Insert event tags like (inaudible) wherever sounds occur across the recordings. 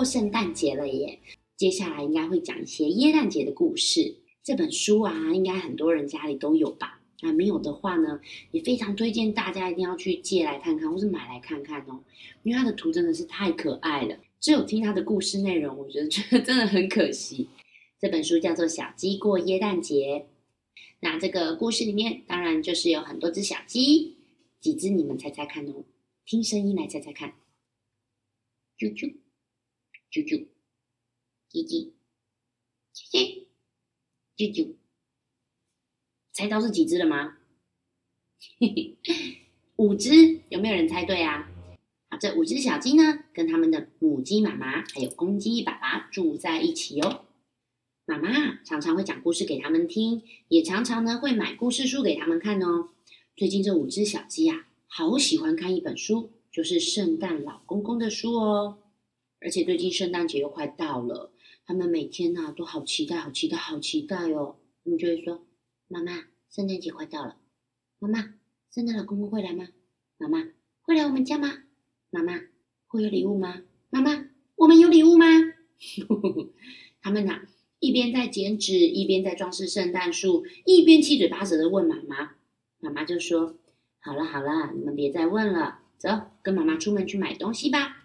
過聖誕節了耶！接下來應該會講一些耶誕節的故事。這本書啊，應該很多人家裡都有吧？那、啊、沒有的話呢，也非常推薦大家一定要去借來看看，或是買來看看哦。因為它的圖真的是太可愛了。只有聽它的故事內容，我覺得，覺得真的很可惜。這本書叫做《小雞過耶誕節》。那這個故事裡面，當然就是有很多隻小雞，幾隻？你們猜猜看哦，聽聲音來猜猜看。啾啾。啾啾，嘰嘰嘰嘰啾啾，猜到是幾隻了嗎？嘿嘿，五隻，有沒有人猜對啊？啊，這五隻小雞呢，跟他們的母雞媽媽還有公雞爸爸住在一起哦。媽媽常常會講故事給他們聽，也常常呢會買故事書給他們看哦。最近這五隻小雞呀、啊，好喜歡看一本書，就是聖誕老公公的書哦。而且最近聖誕節又快到了，他們每天吶、啊、都好期待，好期待，好期待哦！他們就會說：“媽媽，聖誕節快到了，媽媽，聖誕老公公會來嗎？媽媽會來我們家嗎？媽媽會有禮物嗎？媽媽我們有禮物嗎？” (laughs) 他們吶、啊、一邊在剪紙，一邊在裝飾聖誕樹，一邊七嘴八舌的問媽媽。媽媽就說：“好了好了，你們別再問了，走，跟媽媽出門去買東西吧。”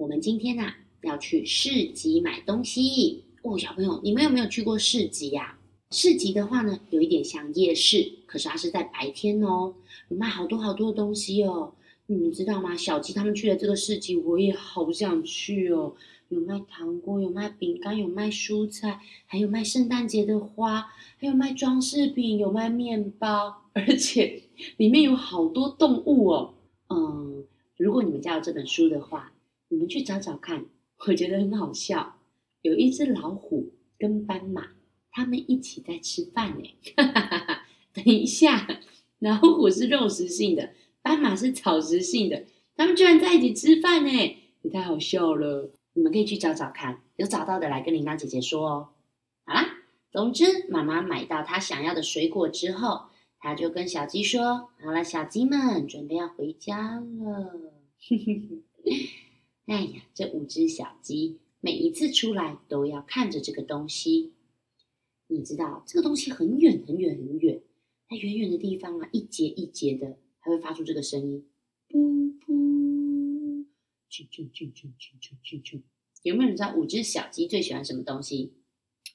我們今天呢，要去市集買東西哦，小朋友，你們有沒有去過市集呀？市集的話呢，有一點像夜市，可是它是在白天哦，有賣好多好多的東西哦。你們知道嗎？小雞他們去的這個市集，我也好想去哦。有賣糖果，有賣餅乾，有賣蔬菜，還有賣聖誕節的花，還有賣裝飾品，有賣麵包，而且裡面有好多動物哦。嗯，如果你們家有這本書的話。你們去找找看，我覺得很好笑。有一隻老虎跟斑馬，他們一起在吃飯欸， (laughs) 等一下，老虎是肉食性的，斑馬是草食性的，他們居然在一起吃飯欸，也太好笑了。你們可以去找找看，有找到的來跟鈴鐺姐姐說哦。好啦，總之媽媽買到她想要的水果之後，她就跟小雞說：“好啦，小雞們，準備要回家了。 (laughs) ”哎呀，這五只小雞每一次出來都要看着這個東西。你知道這個東西很遠很遠很遠，它遠、遠遠的地方啊，一節一節的，還會發出這個聲音，噗噗，啾啾啾啾啾啾啾啾。有沒有人知道五只小雞最喜歡什麼東西？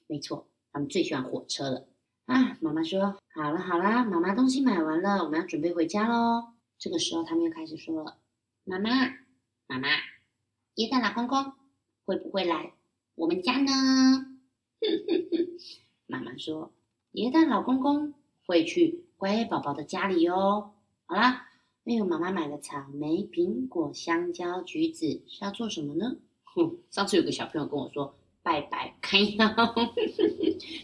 沒錯，他們最喜歡火車了啊！媽媽說：“好了好了，媽媽東西買完了，我們要準備回家嘍。”這個時候，他們又開始說了：“媽媽，媽媽。”耶誕老公公會不會來我們家呢？哼 (laughs) 哼，媽媽說，耶誕老公公會去乖、乖寶寶的家裡哦。好啦，那我媽媽買了草莓、蘋果、香蕉、橘子是要做什麼呢？哼，上次有個小朋友跟我說拜拜，開呀，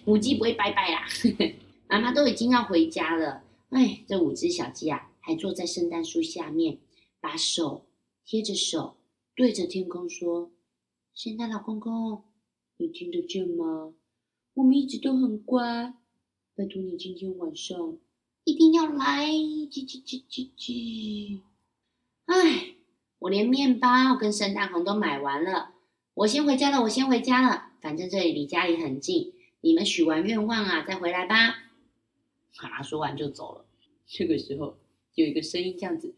母雞不會拜拜啦。 (laughs) 媽媽都已經要回家了，哎，這五只小雞啊，還坐在聖誕樹下面，把手貼着手，對着天空說：“聖誕老公公，你聽得見嗎？我們一直都很乖，拜托你今天晚上一定要來！嘰嘰嘰嘰嘰！哎，我連麵包跟聖誕紅都買完了，我先回家了。我先回家了，反正這裡離家裡很近。你們許完願望啊，再回來吧。”啊，說完就走了。這個時候，有一個聲音，這樣子，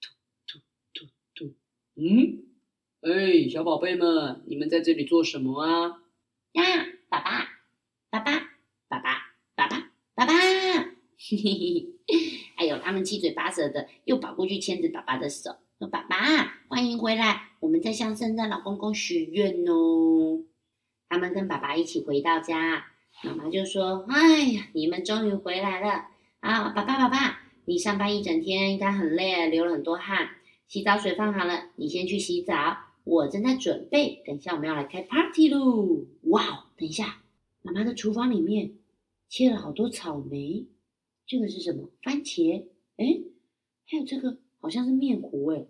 嘟嘟嘟嘟，嗯。哎、欸，小寶貝們，你們在這裡做什麼啊？呀、啊，爸爸，爸爸，爸爸，爸爸，爸爸！嘿嘿嘿！哎呦，他們七嘴八舌的，又跑過去牽着爸爸的手，說：“爸爸，歡迎回來！我們在向聖誕老公公許願哦。”他們跟爸爸一起回到家，媽媽就說：“哎呀，你們終於回來了！啊，爸爸，爸爸，你上班一整天應該很累，流了很多汗，洗澡水放好了，你先去洗澡。”我正在準備，等一下我們要來開 party 咯！哇哦，等一下，媽媽的廚房裡面切了好多草莓，這個是什麼？番茄？哎、欸，還有這個好像是面糊哎，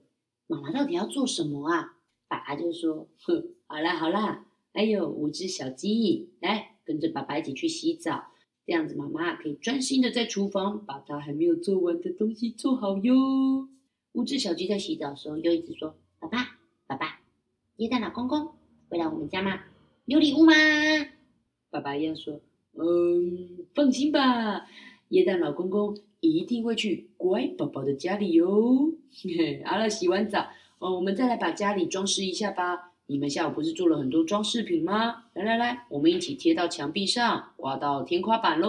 媽媽到底要做什麼啊？爸爸就說：哼，好啦好啦，還有五只小雞，來跟着爸爸一起去洗澡，這樣子媽媽可以專心的在廚房把它還沒有做完的東西做好喲。五只小雞在洗澡的時候又一直說：爸爸，爸爸。耶誕老公公會來我們家嗎？有禮物嗎？爸爸一樣說：“嗯，放心吧，耶誕老公公一定會去乖寶寶的家裡喲、哦。”好了，洗完澡，哦，我們再來把家裡裝飾一下吧。你們下午不是做了很多裝飾品嗎？來來來，我們一起貼到牆壁上，掛到天花板嘍！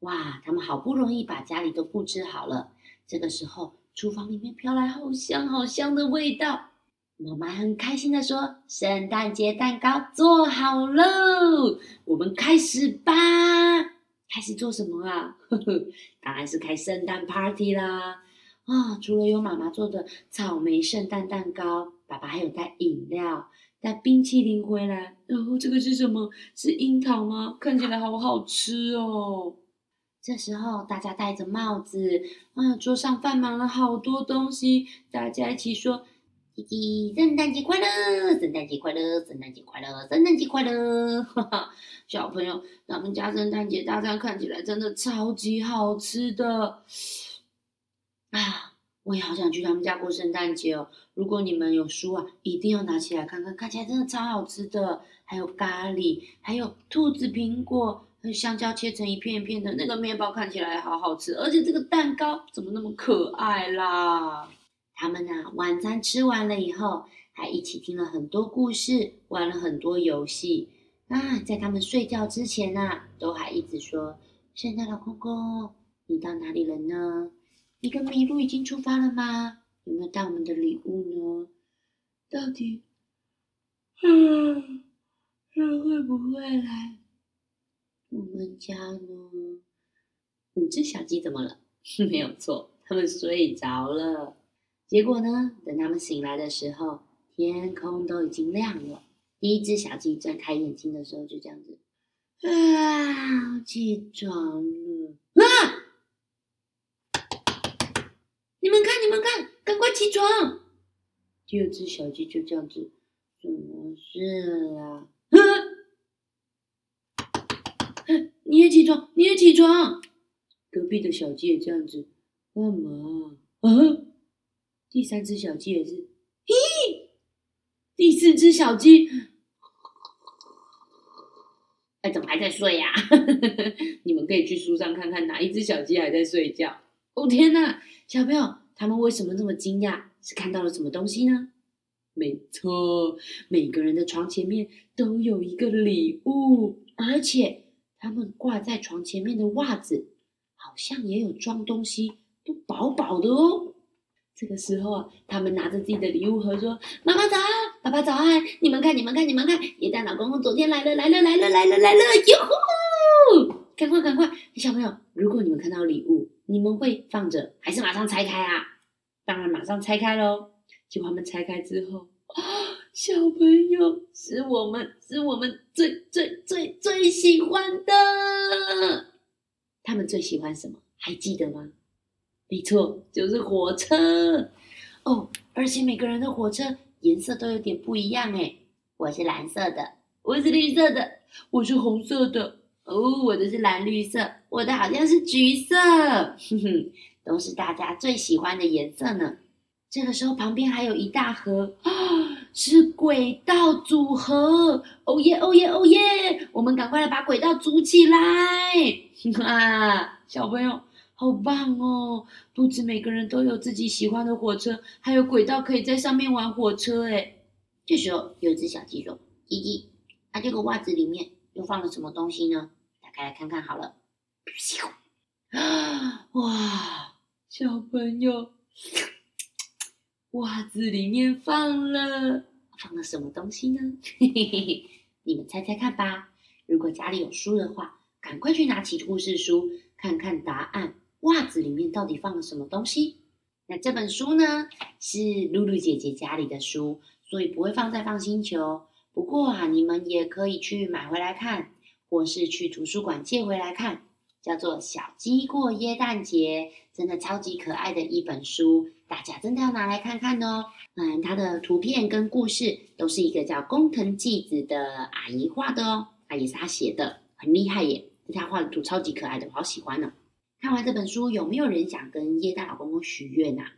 哇，他們好不容易把家裡都布置好了。這個時候，廚房裡面飄來好香好香的味道。媽媽很開心的說：“聖誕節蛋糕做好嘍，我們開始吧！開始做什麼啊？呵呵，當然是開聖誕 party 啦！啊、哦，除了有媽媽做的草莓聖誕蛋，蛋糕，爸爸還有帶飲料、帶冰淇淋回來。然後，哦，這個是什麼？是櫻桃嗎？看起來好好吃哦！這時候大家戴着帽子，啊，桌上放滿了好多東西，大家一起說。”耶！聖誕節快樂，聖誕節快樂，聖誕節快樂，聖誕節快樂！哈哈，小朋友，咱們家聖誕節大餐看起來真的超級好吃的。啊，我也好想去他們家過聖誕節哦。如果你們有書啊，一定要拿起來看看，看起來真的超好吃的。還有咖喱，還有兔子蘋果，還有香蕉切成一片一片的，那個麵包看起來好好吃，而且這個蛋糕怎麼那麼可愛啦？他們啊，晚餐吃完了以後，還一起聽了很多故事，玩了很多遊戲。啊，在他們睡覺之前呢、啊，都還一直說：“聖誕老公公，你到哪裡了呢？你跟麋鹿已經出發了嗎？有沒有帶我們的禮物呢？到底，啊，他會不會來我們家呢？五隻小雞怎麼了？是沒有錯，他們睡着了。”結果呢？等他們醒來的時候，天空都已經亮了。第一隻小雞睜開眼睛的時候，就這樣子，啊，起床了！啊！你們看，你們看，趕快起床！第二隻小雞就這樣子，怎麼回事啊，啊？啊！你也起床，你也起床！隔壁的小雞也這樣子，幹嘛啊？啊。第三隻小雞也是，咦？第四隻小雞，哎、欸，怎麼還在睡呀，啊？ (laughs) 你們可以去書上看看，哪一隻小雞還在睡覺？哦，天哪！小朋友，他們為什麼那麼驚訝？是看到了什麼東西呢？沒錯，每個人的床前面都有一個禮物，而且他們掛在床前面的襪子好像也有裝東西，都飽飽的哦。這個時候啊，他們拿着自己的禮物盒說：“媽媽早安、啊，爸爸早安，你們看，你們看，你們看，耶誕老公公昨天來了，來了，來了，來了，來了，喲呼！趕快，趕快，小朋友，如果你們看到禮物，你們會放着還是馬上拆開啊？當然馬上拆開嘍。就把它們拆開之後，啊，小朋友是我們，是我們最最最最喜歡的。他們最喜歡什麼？還記得嗎？”沒錯，就是火車哦，而且每個人的火車顏色都有點不一樣誒，我是藍色的，我是綠色的，我是紅色的哦，我的是藍綠色，我的好像是橘色，哼哼，都是大家最喜歡的顏色呢。這個時候旁邊還有一大盒啊，是軌道組合，哦耶，哦耶，哦耶！我們趕快來把軌道組起來啊，小朋友。好棒哦！不止每個人都有自己喜歡的火車，還有軌道可以在上面玩火車誒。這時候有一只小雞說：“依依，它、啊、這個襪子裡面又放了什麼東西呢？打開來看看好了。”啊！哇，小朋友，襪子裡面放了，放了什麼東西呢？嘿嘿嘿嘿，你們猜猜看吧。如果家裡有書的話，趕快去拿起故事書看看答案。襪子裡面到底放了什麼東西？那這本書呢？是露露姐姐家裡的書，所以不會放在放星球。不過啊，你們也可以去買回來看，或是去圖書館借回來看。叫做《小雞過耶誕節》，真的超級可愛的一本書，大家真的要拿來看看哦。嗯，它的圖片跟故事都是一個叫工藤紀子的阿姨畫的哦，阿姨是她寫的，很厲害耶。她畫的圖超級可愛的，我好喜歡呢、哦。看完這本書，有沒有人想跟耶誕老公公許願吶、啊？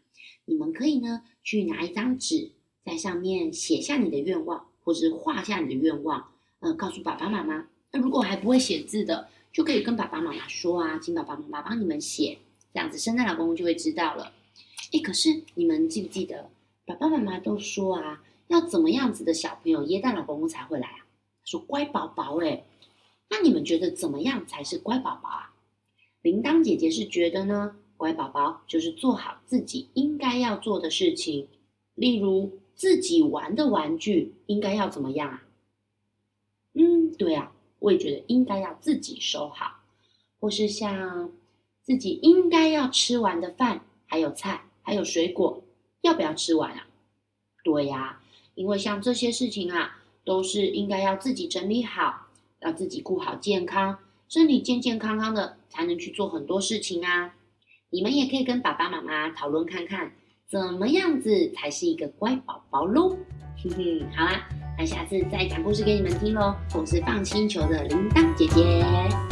你們可以呢，去拿一張紙，在上面寫下你的願望，或者是畫下你的願望，嗯、呃、告訴爸爸媽媽。那、呃、如果還不會寫字的，就可以跟爸爸媽媽說啊，請爸爸媽媽幫你們寫，這樣子聖誕老公公就會知道了。哎，可是你們記不記得爸爸媽媽都說啊，要怎麼樣子的小朋友，耶誕老公公才會來啊？說乖寶寶、欸，哎，那你們覺得怎麼樣才是乖寶寶啊？鈴鐺姐姐是覺得呢，乖寶寶就是做好自己應該要做的事情，例如自己玩的玩具應該要怎麼樣啊？嗯，對啊，我也覺得應該要自己收好，或是像自己應該要吃完的飯，還有菜，還有水果，要不要吃完啊？對呀，因為像這些事情啊，都是應該要自己整理好，要自己顧好健康。身體健健康康的，才能去做很多事情啊！你們也可以跟爸爸媽媽討論看看，怎麼樣子才是一個乖寶寶嘍。嘿嘿，好啦，那下次再講故事給你們聽嘍。我是放星球的鈴鐺姐姐，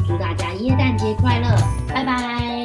祝大家耶誕節快樂，拜拜。